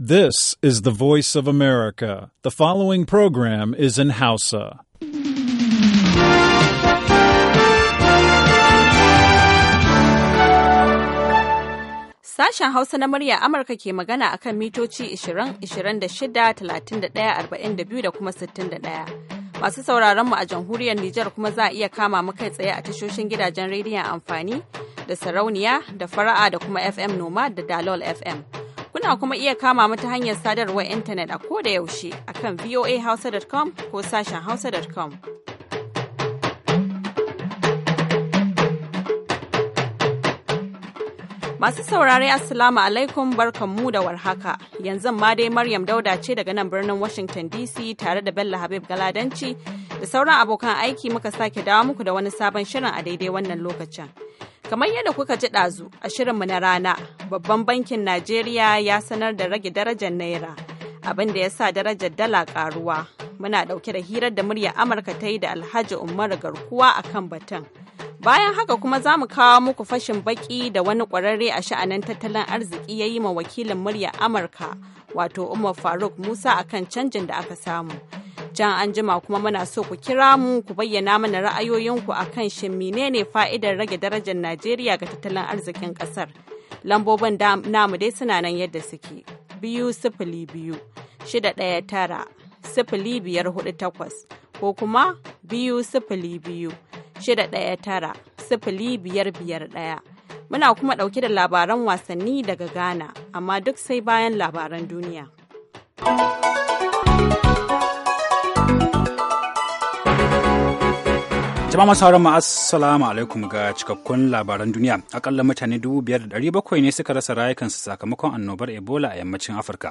This is the voice of America. The following program is in Hausa. Sashen Hausa na murya Amurka ke magana akan mitoci 20, 26, 31, 42 da kuma 61. masu sauraron mu a jamhuriyar Nijar kuma za a iya kama mu kai tsaye a tashoshin gidajen rediyon amfani da sarauniya da fara'a da kuma FM Noma da Dalol FM. Kuna kuma iya kama mata hanyar sadarwar intanet a ko da yaushe akan voahausa.com ko sashen hausa.com. Masu saurare Assalamu alaikum mu da warhaka. Yanzu ma dai Maryam Dauda ce daga nan birnin Washington DC tare da Bello Habib Galadanci da sauran abokan aiki muka sake dawo muku da wani sabon shirin a daidai wannan lokacin. Kamar yadda kuka ji ɗazu a shirinmu na rana, babban bankin Najeriya ya sanar da rage darajar Naira, abin da ya sa darajar dala ƙaruwa. Muna ɗauke da hirar da murya Amurka ta yi da Alhaji Umar Garkuwa a kan batun. Bayan haka kuma za mu kawo muku fashin baki da wani ƙwararre a sha'anin tattalin arziki ya yi ma wakilin murya Amurka, wato Umar Faruk Musa akan canjin da aka samu. jan anjima kuma muna so ku kira mu ku bayyana mana ra'ayoyinku akan shin menene fa'idar rage darajar Najeriya ga tattalin arzikin kasar Lambobin namu dai suna nan yadda suke. Biyu sifili biyu, shida ɗaya tara, sifili biyar hudu takwas, ko kuma biyu sifili biyu, shida ɗaya tara, sifili biyar biyar ɗaya. Muna kuma ɗauke da labaran wasanni daga Ghana, amma duk sai bayan labaran duniya. Jama'a sauran ma assalamu alaikum ga cikakkun labaran duniya. Akalla mutane 5,700 ne suka rasa rayukansu sakamakon annobar Ebola a yammacin Afirka.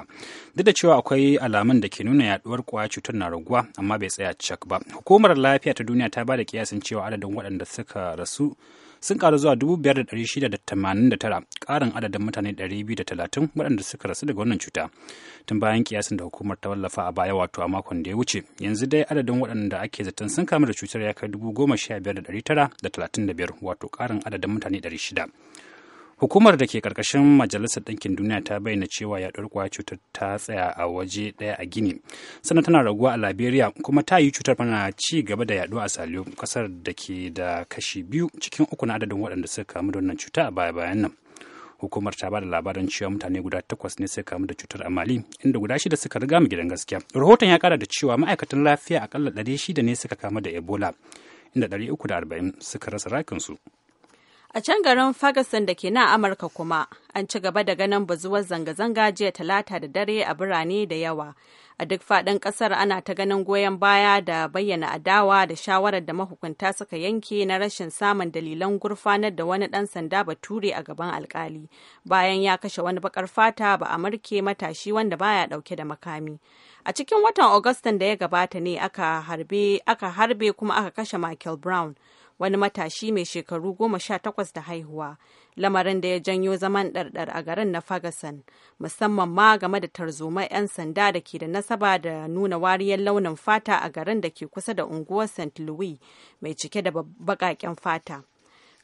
Duk da cewa akwai alamun da ke nuna yaduwar kwaya cutar na raguwa amma bai tsaya cak ba. Hukumar lafiya ta duniya ta ba da kiyasin cewa adadin waɗanda suka rasu sun karu zuwa 5,689 karin adadin mutane 230 waɗanda suka rasu daga wannan cuta tun bayan kiyasin da hukumar ta wallafa a baya wato a makon da ya wuce yanzu dai adadin waɗanda ake zaton sun kamu da cutar ya kai 15,935 wato karin adadin mutane 600 hukumar da ke karkashin majalisar ɗinkin duniya ta bayyana cewa yaɗuwar kwayar cutar ta tsaya a waje ɗaya a gini sannan tana raguwa a liberia kuma ta yi cutar tana ci gaba da yaɗuwa a saliyo ƙasar da ke da kashi biyu cikin uku na adadin waɗanda suka kamu da wannan cuta a baya bayan nan hukumar ta ba da labarin cewa mutane guda takwas ne suka kamu da cutar a mali inda guda shida suka riga mu gidan gaskiya rahoton ya kara da cewa ma'aikatan lafiya akalla ɗari shida ne suka kamu da ebola inda ɗari uku da arba'in suka rasa rakinsu. su A can garin Ferguson da ke nan Amurka kuma, an ci gaba da ganin bazuwar zanga-zanga jiya talata da dare a birane da yawa. A duk faɗin ƙasar ana ta ganin goyon baya da bayyana adawa da shawarar da mahukunta suka yanke na rashin samun dalilan gurfanar da wani ɗan sanda bature a gaban alkali bayan ya kashe wani baƙar fata ba a marke matashi wanda baya ɗauke da makami. A cikin watan Agustan da ya gabata ne aka harbe kuma aka kashe Michael Brown. wani matashi mai shekaru goma sha takwas da haihuwa lamarin da ya janyo zaman ɗarɗar a garin na Ferguson musamman ma game da tarzoma 'yan sanda da ke da nasaba da nuna wariyar launin fata a garin da ke kusa da unguwar St. Louis mai cike da baƙaƙen fata.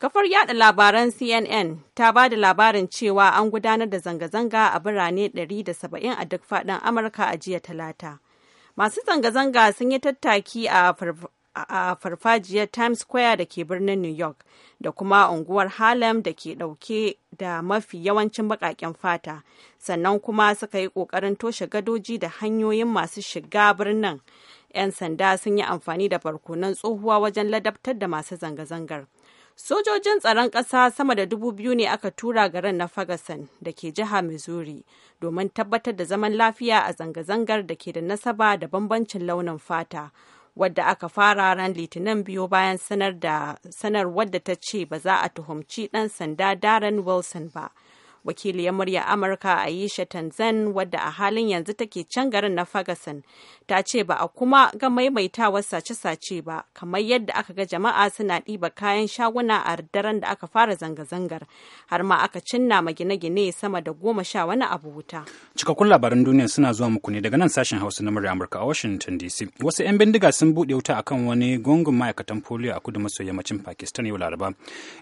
Kafar yada labaran CNN ta ba da labarin cewa an gudanar da zanga-zanga a birane da saba'in a duk faɗin Amurka a jiya talata. Masu zanga-zanga sun yi tattaki a a farfajiyar Times Square da ke birnin New York da kuma unguwar Harlem da ke dauke da mafi yawancin baƙaƙen fata, sannan kuma suka yi ƙoƙarin toshe gadoji da hanyoyin masu shiga birnin. 'Yan sanda sun yi amfani da barkunan tsohuwa wajen ladabtar da masu zanga-zangar. Sojojin tsaron ƙasa sama da dubu biyu ne aka tura garin na Ferguson da ke jiha Missouri domin tabbatar da zaman lafiya a zanga-zangar da ke da nasaba da bambancin launin fata. wadda aka fara ran litinin biyu bayan sanar wadda ta ce ba za a tuhumci ɗan sanda Darren Wilson ba. wakiliyar murya amurka aisha tanzan wadda a halin yanzu take can garin na ferguson ta ce ba a kuma ga maimaitawar sace-sace ba kamar yadda aka ga jama'a suna ɗiba kayan shaguna a daren da aka fara zanga-zangar har ma aka cinna ma gine-gine sama da goma sha wani abu wuta cikakkun labaran duniya suna zuwa muku ne daga nan sashen hausa na murya amurka a washington dc wasu 'yan bindiga sun buɗe wuta a kan wani gungun ma'aikatan foliyo a kudu maso yammacin pakistan yau laraba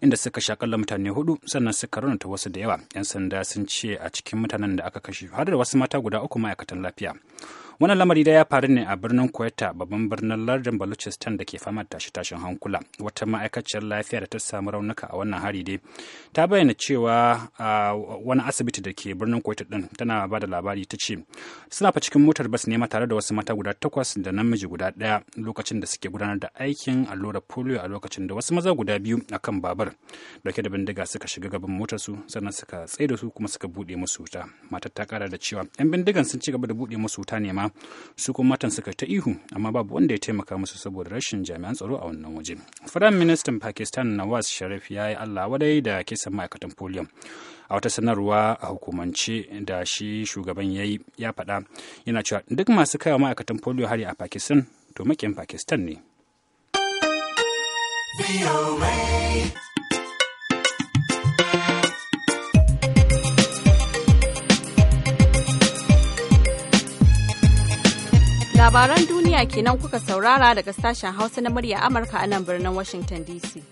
inda suka shakalla mutane hudu sannan suka raunata wasu da yawa 'yan sanda sun ce a cikin mutanen da aka kashe har da wasu mata guda uku ma'aikatan lafiya Wannan lamari da ya faru ne a birnin kwaita babban birnin lardin Balochistan da ke fama da tashin-tashin hankula. Wata ma'aikaciyar lafiya da ta samu raunuka a wannan hari dai ta bayyana cewa wani asibiti da ke birnin Quetta din tana ba da labari ta ce suna fa cikin motar bas nema tare da wasu mata guda takwas da namiji guda daya lokacin da suke gudanar da aikin allurar polio a lokacin da wasu maza guda biyu akan babar dauke da bindiga suka shiga gaban motar su sannan suka tsaida da su kuma suka bude musu wuta matar ta kara da cewa 'yan bindigan sun ci gaba da buɗe musu wuta ne ma su kuma matan suka ta ihu amma babu wanda ya taimaka musu saboda rashin jami'an tsaro a wannan waje firayim ministan pakistan nawaz sharif ya yi allah wadai da kisan ma'aikatan polio a wata sanarwa a hukumance da shi shugaban ya yi ya faɗa yana cewa duk masu kai wa ma'aikatan polio hari a pakistan to makin pakistan ne. Labaran duniya kenan kuka saurara daga sashen Hausa na murya Amurka a nan birnin Washington DC.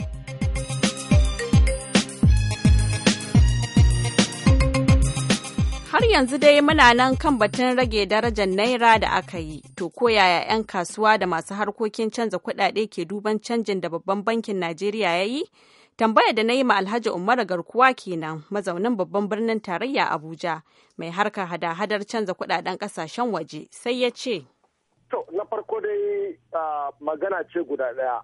Har yanzu dai muna nan kan batun rage darajar Naira da aka yi, to koyaya 'yan kasuwa da masu harkokin canza kuɗaɗe ke duban canjin da babban bankin Najeriya ya yi? tambaya da na yi ma alhaji umar garkuwa kenan mazaunin babban birnin tarayya abuja mai harkar hada-hadar canza kudaden kasashen waje sai ya ce To, na farko dai magana ce guda ɗaya.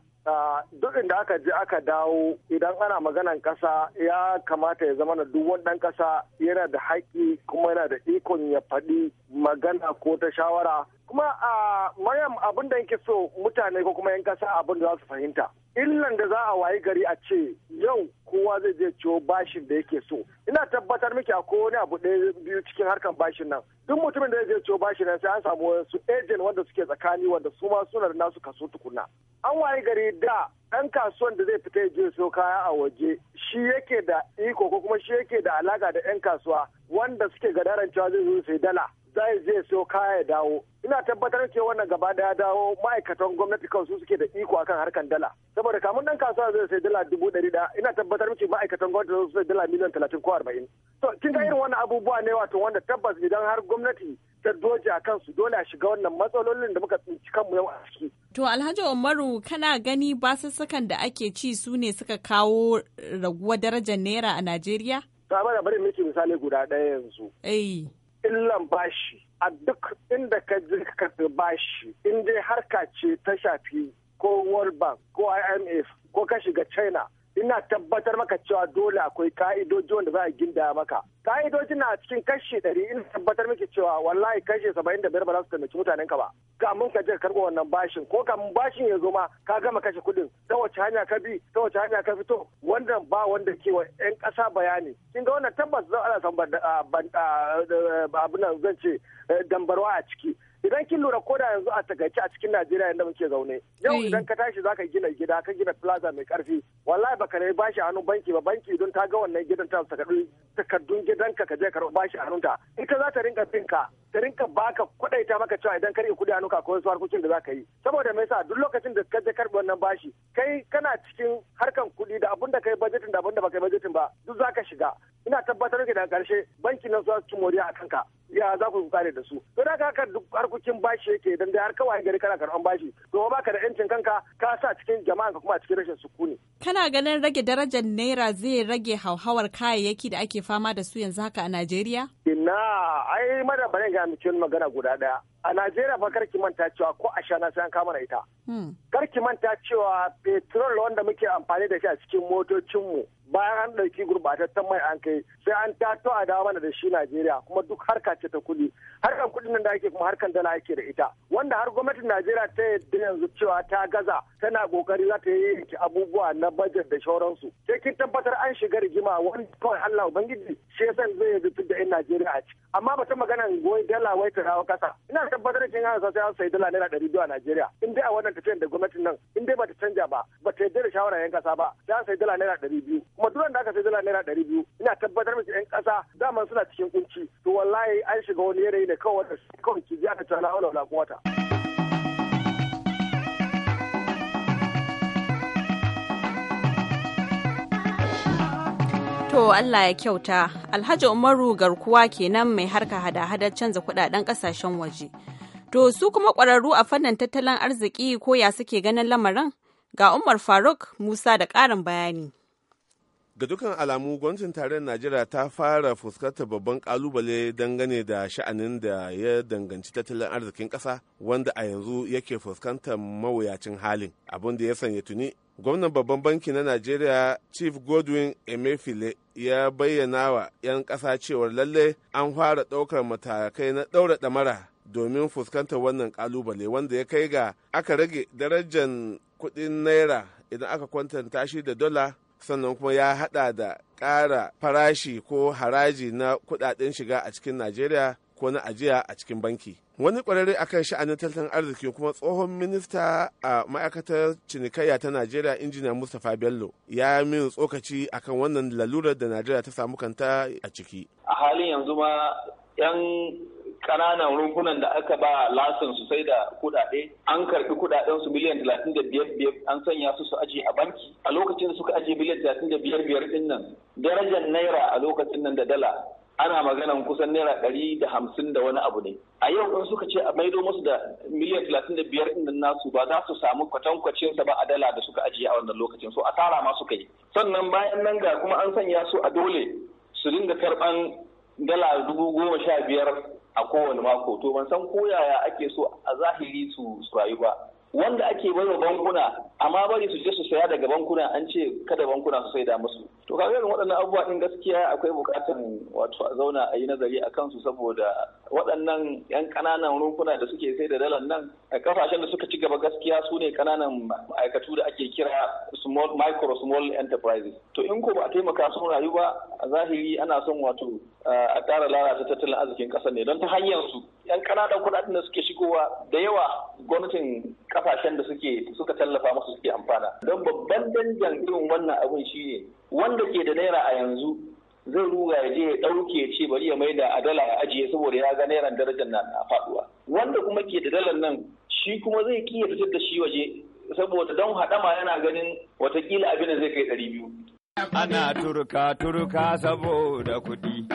Duk inda aka je aka dawo idan ana maganan ƙasa ya kamata ya zama na duk wani ɗan ƙasa yana da haƙƙi kuma yana da ikon ya faɗi magana ko ta shawara. Kuma a Maryam abin da yake so mutane ko kuma 'yan ƙasa abin da za su fahimta. illan da za a wayi gari a ce yau kowa zai je ciwo bashin da yake so ina tabbatar miki akwai wani abu ɗaya biyu cikin harkan bashin nan duk mutumin da zai je ciwo bashin nan sai an samu wasu ejen wanda suke tsakani wanda su ma suna da nasu kaso tukuna an wayi gari da ɗan kasuwan da zai fita ya je so kaya a waje shi yake da iko ko kuma shi yake da alaka da 'yan kasuwa wanda suke gadaran cewa zai zo sai dala zai zai so kaya ya dawo ina tabbatar ce wannan gaba da ya dawo ma'aikatan gwamnati kansu suke da iko akan harkan dala saboda kamun dan kasuwa zai sai dala dubu ɗari da ina tabbatar ce ma'aikatan gwamnati zai sai dala miliyan talatin ko arba'in to kin ga irin wannan abubuwa ne wato wanda tabbas idan har gwamnati ta doje a kansu dole a shiga wannan matsalolin da muka tsinci kanmu yau a ciki. To Alhaji Umaru kana gani basussukan da ake ci su ne suka kawo raguwar darajar naira a Najeriya? Ta bari bari miki misali guda ɗaya yanzu. Eh. illan bashi a duk inda ka je ka bashi in dai harka ce ta shafi ko world bank ko imf ko ka shiga china ina tabbatar maka cewa dole akwai ka'idojin da za a gindaya maka ka'idojin na cikin kashi ɗari in tabbatar miki cewa wallahi kashi saba'in da biyar ba za su taimaki mutanen ka ba mun ka je karɓo wannan bashin ko kamun bashin ya zo ma ka gama kashe kuɗin ta wace hanya ka bi ta wace hanya ka fito wannan ba wanda ke wa 'yan ƙasa bayani kin ga wannan tabbas za a san zan ce eh, dambarwa a ciki idan kin lura ko da yanzu a takaice a cikin Najeriya yadda muke zaune yau eh. idan ka tashi zaka gina gida ka gina plaza mai karfi wallahi baka ne bashi a hannun banki ba banki don ta ga wannan gidan ta saka takardun gidanka ka je ka bashi a hannunta ita za ta rinka bin ka ta rinka baka kudaita maka cewa idan karɓi kuɗi hannu akwai su harkokin da za ka yi saboda me yasa duk lokacin da ka je karɓi wannan bashi kai kana cikin harkan kuɗi da abin da kai bajetin da abin da baka yi bajetin ba duk za ka shiga ina tabbatar da karshe banki nan su ci moriya a kanka ya za ku kare da su to da haka duk harkokin bashi yake idan da har kawai gari kana karɓan bashi to ba ka da yancin kanka ka sa cikin jama'a ka kuma cikin rashin sukuni kana ganin rage darajar naira zai rage hauhawar kayayyaki da ake fama da su yanzu haka a Najeriya ina ai ga. ina mutum magana guda ɗaya a Najeriya fa karki manta cewa ko a shana sai an kama na ita. Hmm. Karki manta cewa petrol wanda muke amfani da shi a cikin motocinmu bayan an ɗauki gurbatattun mai an kai sai an tato a dawo mana da shi Najeriya kuma duk harka ce ta kuɗi. Harkan kuɗin nan da ake kuma harkan dala ake da ita. Wanda har gwamnatin Najeriya ta yadda yanzu cewa ta gaza tana kokari za ta yi abubuwa na bajet da shauransu. Sai kin tabbatar an shiga rigima wani kawai Allah Ubangiji shi yasa zai yi da 'yan Najeriya a ciki. Amma ba ta maganan goyi dala wai ta rawa kasa Ina tabbatar da hana sai an sayi dala naira ɗari biyu a Najeriya in dai a wannan tafiyan da gwamnatin nan in dai bata canja ba bata yarda da shawara yan kasa ba sai an sayi dala naira ɗari biyu kuma duk da aka sayi dala naira ɗari biyu ina tabbatar miki yan kasa daman suna cikin kunci to wallahi an shiga wani yanayi ne kawai kawai ki ji aka tana wala wala kuwata. To Allah ya kyauta, Alhaji Umaru garkuwa kenan mai harka hada-hadar canza kudaden kasashen waje. To su kuma kwararru a fannin tattalin arziki ko ya suke ganin lamarin? Ga Umar Faruk Musa da ƙarin bayani. ga dukkan alamu gwamnatin tarayyar najeriya ta fara fuskantar babban kalubale dangane da sha'anin da ya danganci tattalin arzikin ƙasa wanda a yanzu yake fuskantar mawuyacin halin abin da ya sanya tuni gwamnan babban banki na najeriya chief godwin emefile ya bayyana wa 'yan ƙasa cewar lalle an fara ɗaukar matakai na ɗaura ɗamara domin fuskantar wannan kalubale wanda ya kai ga aka rage darajar kuɗin naira idan aka kwantanta shi da dola sannan kuma ya hada da ƙara farashi ko haraji na kudaden shiga a cikin najeriya ko na ajiya a cikin banki wani kwararre akan sha'anin tattalin arziki kuma tsohon minista a ma'aikatar cinikayya ta najeriya injiniya mustapha bello ya min tsokaci akan wannan lalurar da najeriya ta samu kanta a ciki a halin yanzu ma yan ƙananan rumfunan da aka ba lasin su sai da kuɗaɗe an karbi kuɗaɗen su miliyan 35 an sanya su su aji a banki a lokacin da suka aji miliyan 35 din biyar nan darajar naira a lokacin nan da dala ana maganan kusan naira ɗari da hamsin da wani abu ne a yau in suka ce a maido musu da miliyan talatin da biyar ɗin nasu ba za su samu kwatankwacin sa ba a dala da suka ajiye a wannan lokacin so asara ma suka yi sannan bayan nan ga kuma an sanya su a dole su dinga karɓan dala dubu goma sha biyar a kowane mako to ban san ko yaya ake so a zahiri su rayu ba wanda ake bai wa bankuna amma bari su je su saya daga bankuna an ce kada bankuna su saida musu to kaga irin waɗannan abubuwa din gaskiya akwai bukatar wato a zauna a yi nazari a kansu saboda waɗannan yan kananan rumfuna da suke saida dalar nan a kafashen da suka ci gaba gaskiya su ne kananan ma'aikatu da ake kira small micro small enterprises to in ko ba a taimaka sun rayu ba a zahiri ana son wato eh, a ƙara lalata tattalin arzikin ƙasa ne don ta hanyar su yan kananan kuɗaɗen da suke shigowa da yawa gwamnatin kasashen da suke suka tallafa musu suke amfana don babban danjan irin wannan abin ne, wanda ke da naira a yanzu zai ruga ya je ya ɗauke ya ce bari ya mai da a dala ya ajiye saboda ya ga nairan darajar na faɗuwa wanda kuma ke da dalar nan shi kuma zai kiya fitar da shi waje saboda don haɗama yana ganin watakila abin da zai kai ɗari biyu. Ana turka turka saboda kuɗi.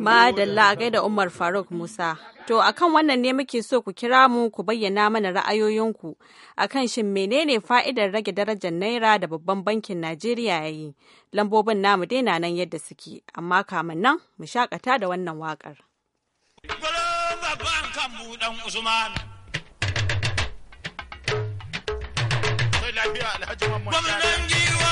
Madalla da Umar Faruk Musa. To akan wannan ne muke so ku kira mu ku bayyana mana ra'ayoyinku akan shin menene fa'idar rage darajar naira da babban bankin Najeriya ya yi. Lambobin namu dai na nan yadda suke, amma kamin nan mu shakata da wannan waƙar. Gwamnan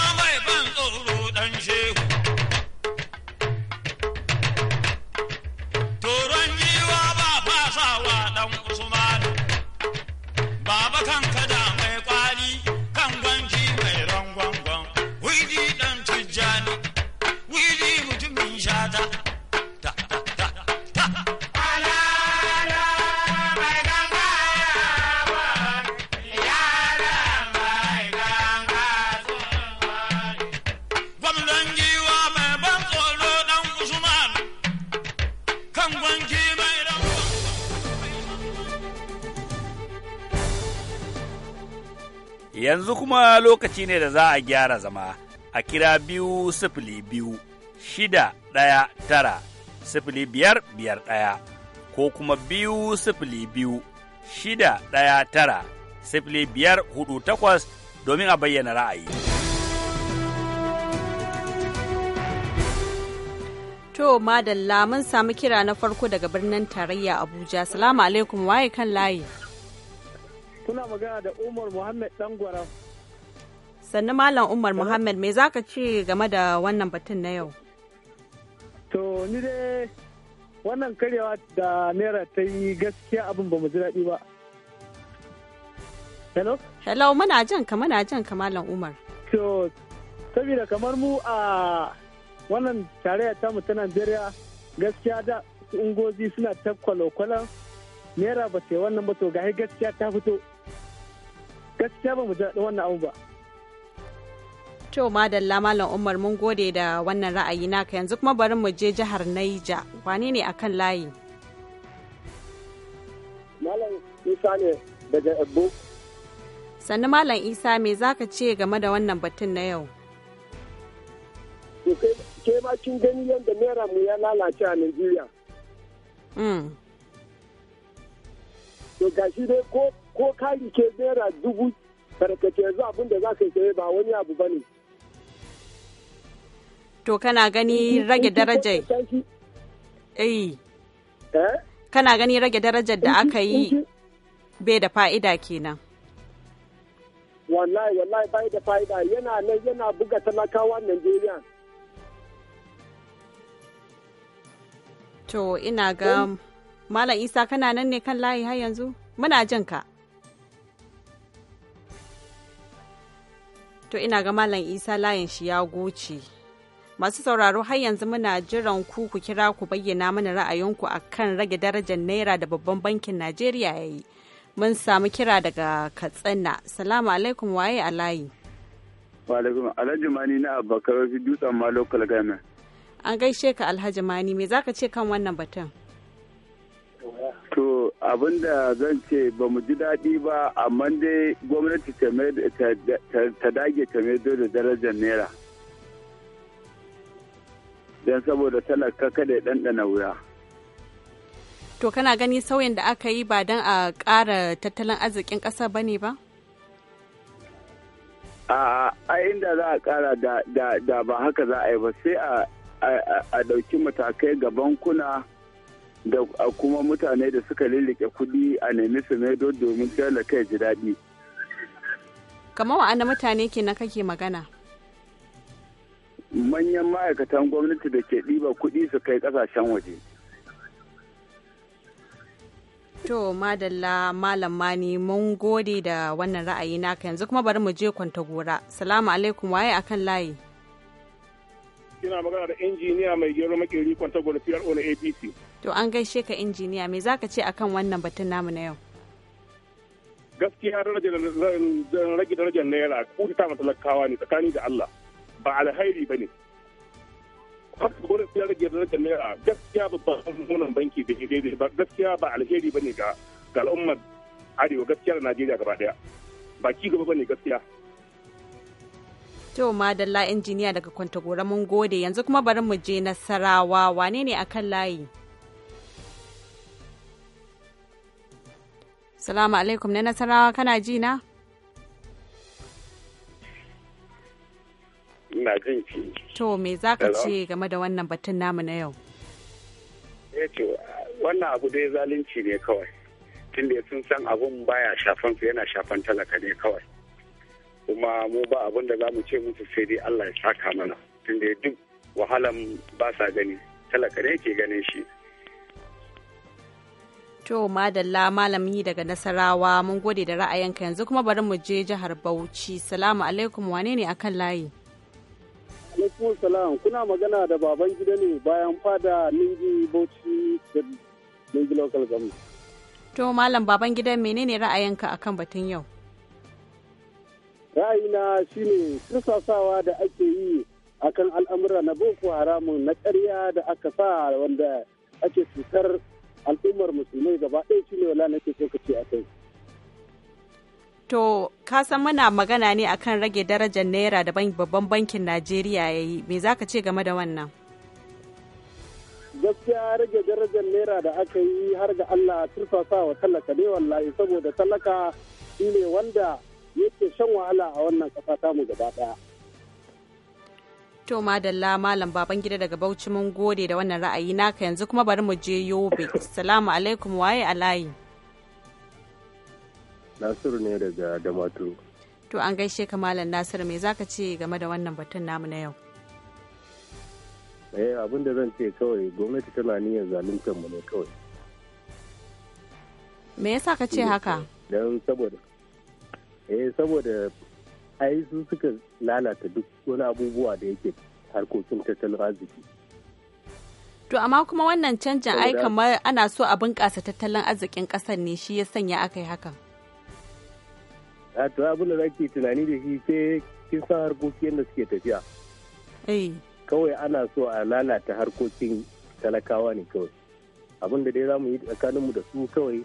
yanzu kuma lokaci ne da za a gyara zama a kira biyu sifili biyu shida ɗaya tara sifili biyar biyar ɗaya ko kuma biyu sifili biyu shida ɗaya tara sifili biyar hudu takwas domin a bayyana ra'ayi. To madalla mun samu kira na farko daga birnin tarayya Abuja. Salamu alaikum waye kan layi. Kuna magana da Umar Muhammad Dangwara. sannan Malam Umar Muhammad me ka ce game da wannan batun na yau? To ni dai wannan karyawa da Naira ta yi gaskiya abin ba mu ji daɗi ba. Hello? Hello, muna jan ka muna jin ka Malam Umar. To, saboda kamar mu a wannan tare ta mu ta Najeriya gaskiya da ungozi suna ta kwalokwalon naira ba ce wannan ba to gahi gaskiya ta fito gaskiya ba mu ji wannan abu ba to madalla malam umar mun gode da wannan ra'ayi naka yanzu kuma bari mu je jihar naija wane ne akan layi malam isa ne daga Ebo. sannu malam isa me za ka ce game da wannan batun na yau ke ma kin gani yadda naira mu ya lalace a najeriya mm. to gashi dai ko ko ka ke naira dubu karkace yanzu abin da za ka yi ba wani abu ba ne. To kana gani rage darajar? Eh. Kana gani rage darajar da aka yi bai da fa'ida kenan. Wallahi wallahi bai da fa'ida yana nan yana buga talakawa Najeriya. To ina ga eh? Malam Isa kana nan ne kan layi har yanzu? Muna jin ka. To ina ga Malam Isa layin shi ya goce. Masu sauraro har yanzu muna jiran ku ku kira ku bayyana mana ra'ayinku a kan rage darajar naira da babban bankin Najeriya ya yi. Mun samu kira daga Katsina. Salamu alaikum waye a layi. Wa alaikum Alhaji Mani na Dutsen ma local An gaishe ka Alhaji Mani me zaka ce kan wannan batun? abin da zan ce ba mu ji daɗi ba amma dai gwamnati ta dage ta maido da darajar naira don saboda talaka kada ya ɗanɗana wuya to kana gani sauyin da aka yi ba don a ƙara tattalin arzikin ƙasa ba ne ba a inda za a ƙara da ba haka za a yi ba sai a ɗauki matakai ga bankuna da kuma mutane da suka lullike kuɗi a nemi su maido domin kai ji daɗi. kamar wa'anda mutane ke na kake magana manyan ma'aikatan gwamnati da ke ɗiba kuɗi su kai ƙasashen waje to madalla malam mani mun gode da wannan ra'ayi naka yanzu kuma bari mu je kwanta gora salamu alaikum waye a kan layi Ina magana da injiniya mai gero makeri kwanta gora pro na apc To an gaishe ka injiniya me zaka ce akan wannan batun namu na yau? Gaskiya rage darajar naira ta mata talakawa ne tsakani da Allah ba alhairi ba ne. Gwamnati rage naira gaskiya babban banki da daidai ba gaskiya ba alheri bane ne ga al'ummar arewa gaskiya da Najeriya gaba daya. Ba ci gaba ba ne gaskiya. To madalla injiniya daga Kwantagora mun gode yanzu kuma bari mu je Nasarawa wane ne akan layi? salamu alaikum na nasarawa kana ji na ina jin ki to me za ka ce game da wannan batun namu na yau ya eh to wannan abu dai zalunci ne kawai tun da sun san abun baya shafan su yana shafan talaka ne kawai kuma mu ba abun da za mu ce musu sai dai Allah ya saka mana tun da duk wahalan ba sa gani talaka ne ke ganin shi To madalla malami daga Nasarawa mun gode da ra'ayinka yanzu kuma bari mu je jihar Bauchi. Salamu alaikum wane ne akan layi? Alaikum salam kuna magana da baban gida ne bayan fada Ningi Bauchi da Ningi Local Government. To malam baban gida menene ra'ayinka akan batun yau? Ra'ayina shine sassawa da ake yi akan al'amura na Boko Haramun na karya da aka sa wanda ake cutar al'ummar musulmai gaba ɗaya shi ne wala nake so ka ce a kai. To, ka san muna magana ne akan rage darajar naira da babban bankin Najeriya ya yi, me za ka ce game da wannan? Gaskiya rage darajar naira da aka yi har ga Allah turfasa wa talaka ne wallahi saboda talaka shi ne wanda yake shan wahala a wannan ƙasa tamu gaba ɗaya. To madalla malam baban gida daga Bauchi mun gode da wannan ra'ayi naka yanzu kuma bari mu je Yobe. Salamu alaikum waye alayi. Nasiru ne daga Damaturu. To an gaishe ka malam Nasiru me zaka ce game da wannan batun namu na yau? Eh abin da zan ce kawai gwamnati tana niyyar zaluntar mu ne kawai. Me yasa ka ce haka? Dan saboda eh saboda ai su suka lalata duk wani abubuwa da yake harkokin tattalin arziki to amma kuma wannan canjin ai kamar ana so a bunƙasa tattalin arzikin ƙasar ne shi ya sanya aka yi hakan a to abin da zaki tunani da shi sai kin san harkokin yadda suke tafiya eh. kawai ana so a lalata harkokin talakawa ne kawai abin da dai za mu yi tsakaninmu da su kawai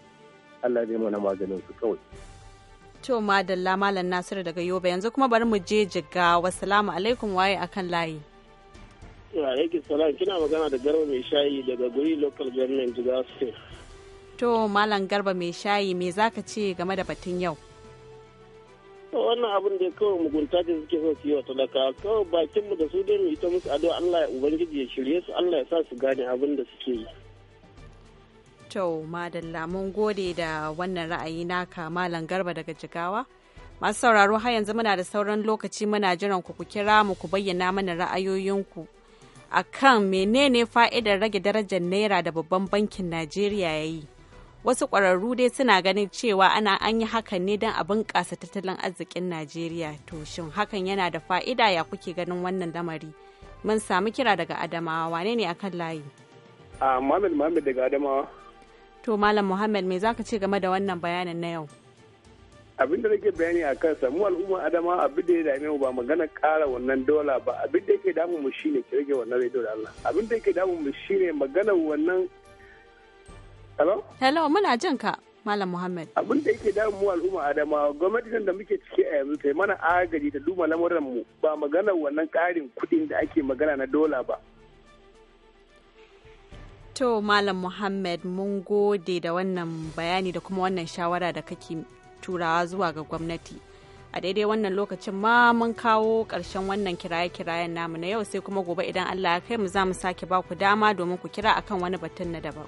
Allah zai mana maganin su kawai To madalla Malam Nasiru daga Yoba yanzu kuma bari mu je jigga. Wassalamu alaikum waye akan layi. aiki kina magana da Garba mai shayi daga guri local government Jigawa To Malam Garba mai shayi me zaka ce game da batun yau? wannan abin da kawai mugunta da suke so su yi wa talaka kawai bakinmu da su dai mu ita musu addu'a Allah ya ubangiji ya shirye su Allah ya sa su gane abin da suke yi. To, madalla mun gode da wannan ra'ayi naka Malam Garba daga Jigawa. Masu sauraro har yanzu muna da sauran lokaci muna jiran ku ku kira mu ku bayyana mana ra'ayoyinku a kan menene fa'idar rage darajar naira da babban bankin Najeriya ya yi. Wasu ƙwararru dai suna ganin cewa ana an yi hakan ne don a bunƙasa tattalin arzikin Najeriya. To shin hakan yana da fa'ida ya kuke ganin wannan lamari? Mun samu kira daga Adamawa wane ne akan layi? A ah, Muhammad Muhammad daga Adamawa. To Malam Muhammad me zaka ce game da wannan bayanin na yau? Abin da nake bayani a kansa mu al'umma adama abin da ya dame mu ba magana kara wannan dola ba abin da yake damu mu shine ki rage wannan rediyo da Allah abin da yake damu mu shine magana wannan Hello? Hello muna jin ka Malam Muhammad. Abin da yake damu mu al'umma adama gwamnatin da muke ciki a yanzu sai mana agaji ta duba lamuran mu ba magana wannan karin kuɗin da ake magana na dola ba. To Malam Muhammad mun gode da wannan bayani da kuma wannan shawara da kake turawa zuwa ga gwamnati. A daidai wannan lokacin ma mun kawo karshen wannan kiraye-kirayen namu na yau sai kuma gobe idan Allah ya kai mu za mu sake ba ku dama domin ku kira akan wani batun na daban.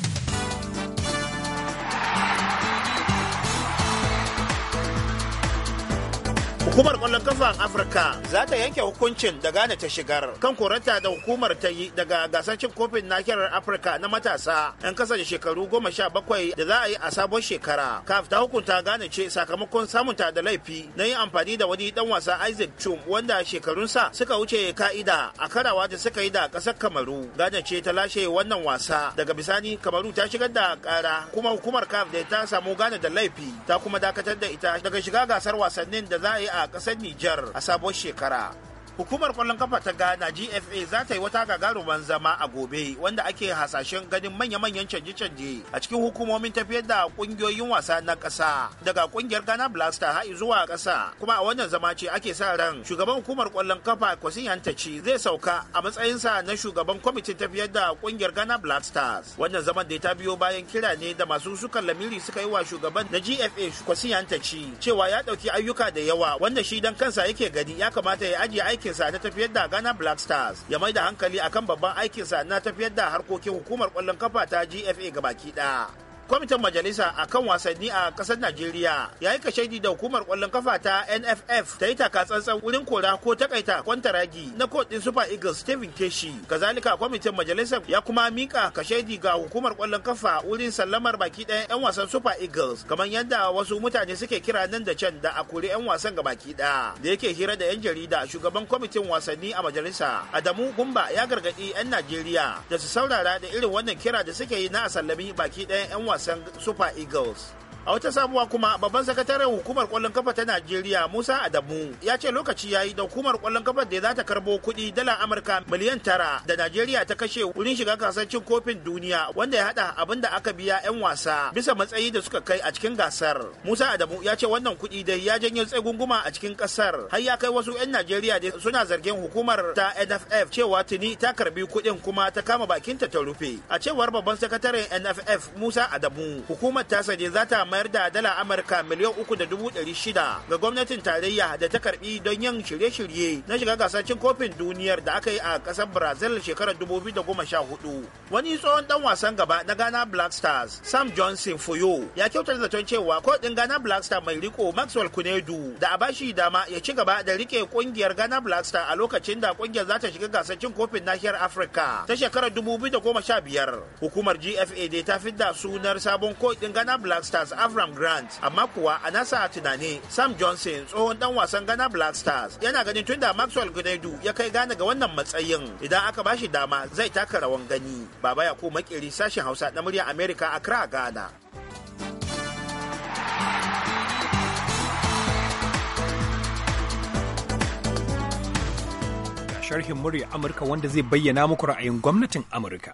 Hukumar kwallon kafan Afirka za ta yanke hukuncin da Ghana ta shigar kan koranta da hukumar ta yi daga gasar cin kofin nahiyar Afirka na matasa 'yan kasa da shekaru goma sha bakwai da za a yi a sabon shekara. CAF ta hukunta Ghana ce sakamakon samunta da laifi na yin amfani da wani dan wasa Isaac Chum wanda shekarunsa suka wuce ka'ida a karawa da suka yi da kasar Kamaru. Ghana ce ta lashe wannan wasa daga bisani Kamaru ta shigar da kara kuma hukumar CAF da ta samu Ghana da laifi ta kuma dakatar da ita daga shiga gasar wasannin da za a yi a ƙasar Nijar a sabon shekara. Hukumar kwallon kafa ta Ghana GFA za ta yi wata gagaruman zama a gobe wanda ake hasashen ganin manya-manyan canje-canje a cikin hukumomin tafiyar da kungiyoyin wasa na ƙasa daga kungiyar Ghana Blaster har zuwa ƙasa kuma a wannan zama ce ake sa ran shugaban hukumar kwallon kafa Kwasi Yantaci zai sauka a matsayinsa na shugaban kwamitin tafiyar da kungiyar Ghana blasters Wannan zaman da ta biyo bayan kira ne da masu sukan lamiri suka yi wa shugaban na GFA Kwasi Yantaci cewa ya ɗauki ayyuka da yawa wanda shi dan kansa yake gani ya kamata ya ajiye aikinsa na tafiyar da Ghana Black Stars ya mai da hankali akan babban aikinsa na tafiyar da harkokin hukumar kwallon kafa ta GFA gabaki ɗaya. kwamitin majalisa a kan wasanni a ƙasar najeriya ya yi kashedi da hukumar kwallon kafa ta nff ta yi taka tsantsan wurin kora ko takaita kwantaragi na kodin super eagles Steven keshi kazalika kwamitin majalisar ya kuma mika kashedi ga hukumar kwallon kafa wurin sallamar baki ɗaya 'yan wasan super eagles kamar yadda wasu mutane suke kira nan da can da a kori 'yan wasan ga baki ɗaya da yake hira da 'yan jarida shugaban kwamitin wasanni a majalisa adamu gumba ya gargaɗi 'yan najeriya da su saurara da irin wannan kira da suke yi na a sallami baki ɗaya 'yan wasan wasan Super Eagles A wata sabuwa kuma babban sakataren hukumar kwallon kafa ta Najeriya Musa Adamu ya ce lokaci ya yi da hukumar kwallon kafa da za ta karbo kuɗi dala Amurka miliyan tara da Najeriya ta kashe wurin shiga gasar cin kofin duniya wanda ya hada abin da aka biya 'yan wasa bisa matsayi da suka kai a cikin gasar. Musa Adamu ya ce wannan kuɗi dai ya janyo tsegunguma a cikin ƙasar har ya kai wasu 'yan Najeriya da suna zargin hukumar ta NFF cewa tuni ta karbi kuɗin kuma ta kama bakinta ta rufe. A cewar babban sakataren NFF Musa Adamu hukumar ta sade za ta mayar da dala amurka miliyan uku da dubu ɗari shida ga gwamnatin tarayya da ta karbi don yin shirye-shirye na shiga gasar cin kofin duniyar da aka yi a ƙasar brazil shekarar dubu biyu da goma sha hudu wani tsohon dan wasan gaba na ghana black stars sam johnson foyo ya kyautar zaton cewa kodin ghana black star mai riko maxwell kunedu da a bashi dama ya ci gaba da rike kungiyar ghana black star a lokacin da kungiyar za ta shiga gasar cin kofin nahiyar afirka ta shekarar dubu biyu da goma sha biyar hukumar gfa dai ta fidda sunar sabon kodin ghana black stars Avram Grant. Amma kuwa a nasa tunani Sam Johnson tsohon dan wasan Ghana Black Stars yana ganin tunda Maxwell Gunaidu ya kai gane ga wannan matsayin idan aka bashi dama zai taka rawan gani. Baba ya ko Makeri sashen Hausa na murya a Accra Ghana. sharhin murya Amurka wanda zai bayyana muku ra'ayin gwamnatin Amurka.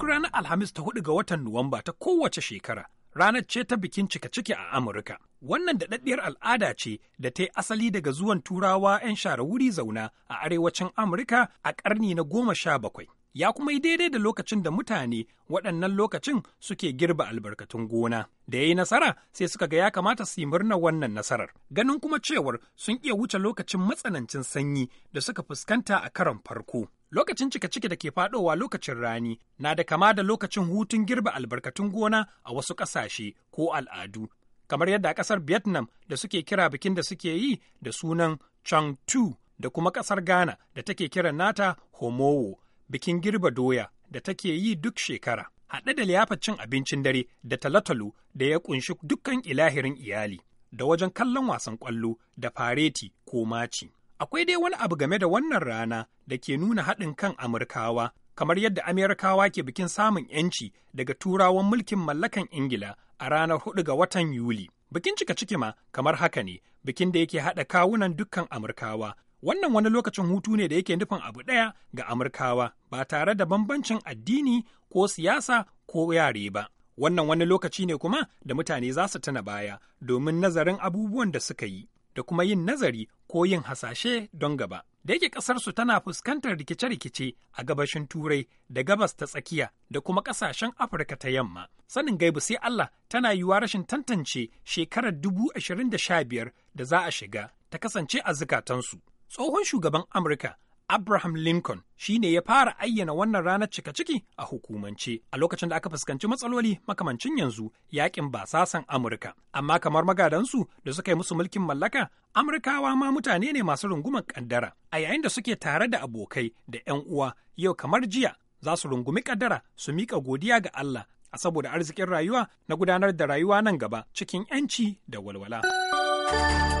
Duk ranar Alhamis ta hudu ga watan Nuwamba ta kowace shekara, ranar ce ta bikin cika-ciki a Amurka. Wannan daɗaɗɗiyar al'ada ce da ta yi asali daga zuwan Turawa 'yan shara wuri zauna a arewacin Amurka a ƙarni na goma sha bakwai. ya kuma yi daidai da lokacin da mutane waɗannan lokacin suke girba albarkatun gona. Da ya yi nasara sai suka ga ya kamata su yi murna wannan nasarar. Ganin kuma cewar sun iya wuce lokacin matsanancin sanyi da suka fuskanta a karon farko. Lokacin cika ciki da ke faɗowa lokacin rani na da kama da lokacin hutun girba albarkatun gona a wasu ƙasashe ko al'adu. Kamar yadda a ƙasar Vietnam da suke kira bikin da suke yi da sunan Chang Tu da kuma ƙasar Ghana da take kiran nata Homowo. bikin girba doya da take yi duk shekara, haɗe da liyafar cin abincin dare da talatalu da ya ƙunshi dukkan ilahirin iyali, da wajen kallon wasan ƙwallo da fareti ko maci. Akwai dai wani abu game da wannan rana da ke nuna haɗin kan Amurkawa, kamar yadda Amerikawa ke bikin samun 'yanci daga turawan mulkin mallakan Ingila a ranar 4 ga watan Yuli. Bikin cika ciki ma kamar haka ne, bikin da yake haɗa kawunan dukkan Amurkawa Wannan wani lokacin hutu ne da yake nufin abu ɗaya ga Amurkawa ba tare da bambancin addini ko siyasa ko yare ba. Wannan wani lokaci ne kuma da mutane za su tuna baya domin nazarin abubuwan da suka yi da kuma yin nazari ko yin hasashe don gaba. Da yake ƙasarsu tana fuskantar rikice-rikice a gabashin Turai da gabas ta tsakiya da kuma ƙasashen Afirka ta yamma. Sanin gaibu sai Allah tana yiwuwa rashin tantance shekarar dubu ashirin da sha biyar da za a shiga ta kasance a zukatansu. tsohon shugaban Amurka Abraham Lincoln shi ne ya fara ayyana wannan ranar cika ciki a hukumance a lokacin da aka fuskanci matsaloli makamancin yanzu yakin basasan Amurka. Amma kamar magadansu da suka yi musu mulkin mallaka, Amurkawa ma mutane ne masu runguman kaddara a yayin da suke tare da abokai da 'yan uwa yau kamar jiya za su rungumi kaddara su miƙa godiya ga Allah a saboda arzikin rayuwa na gudanar da rayuwa nan gaba cikin 'yanci da walwala.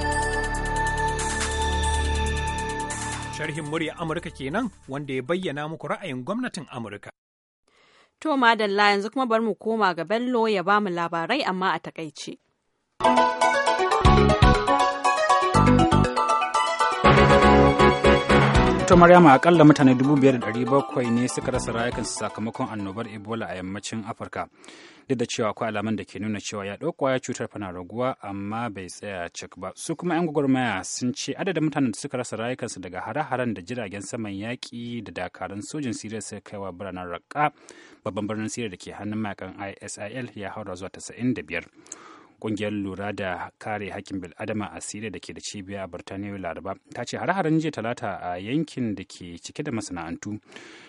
Sharhin murya Amurka kenan wanda ya bayyana muku ra'ayin gwamnatin Amurka. To madalla yanzu kuma bar mu koma ga Bello ya ba mu labarai amma a takaice. wata maryama akalla mutane 5,700 ne suka rasa rayukansu sakamakon annobar ebola a yammacin afirka duk da cewa akwai alaman da ke nuna cewa ya ɗauko ya cutar fana raguwa amma bai tsaya cik ba su kuma 'yan gwagwarmaya sun ce adadin mutanen da suka rasa rayukansu daga hare-haren da jiragen saman yaƙi da dakarun sojin siriya suka kaiwa biranen raka babban birnin siriya da ke hannun mayakan isil ya haura zuwa 95 kungiyar lura da kare hakkin bil'adama a Siriya da ke da cibiya a Birtaniya Laraba ta ce har-haren jiya talata a yankin da ke cike da masana'antu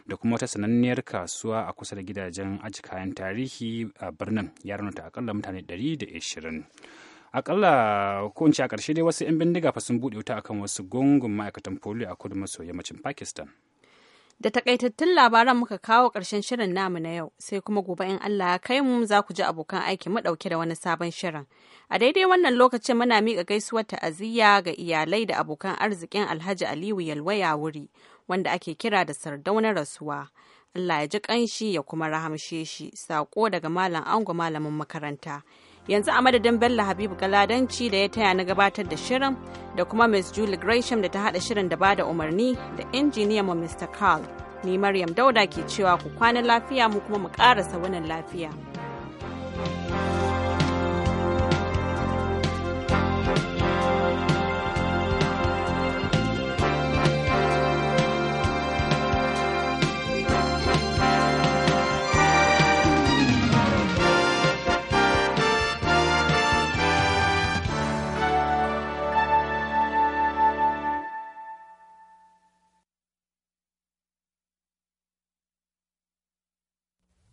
da kuma wata sananniyar kasuwa a kusa da gidajen aji kayan tarihi a birnin ya raunata akalla mutane 120. akalla ko in ce a ƙarshe dai wasu 'yan bindiga fa sun buɗe wuta akan wasu gungun ma'aikatan foli a kudu maso yammacin pakistan Da takaitattun labaran muka kawo ƙarshen shirin namu na yau, sai kuma gobe in Allah ya kai mu za ku ji abokan aiki mu ɗauke da wani sabon shirin. A daidai wannan lokacin muna miƙa gaisuwar ta'aziyya ga iyalai da abokan arzikin Alhaji Aliyu Yalwaya wuri, wanda ake kira da sardauna rasuwa. Allah ya ji ƙanshi ya kuma rahamshe shi, saƙo daga Malam Ango malamin makaranta. yanzu a madadin bello habibu galadanci da ya taya na gabatar da shirin da kuma miss julie gresham da ta hada shirin da ba da umarni da injiniyan mu mr carl ni maryam dauda ke cewa ku kwana lafiya mu kuma mu karasa wannan lafiya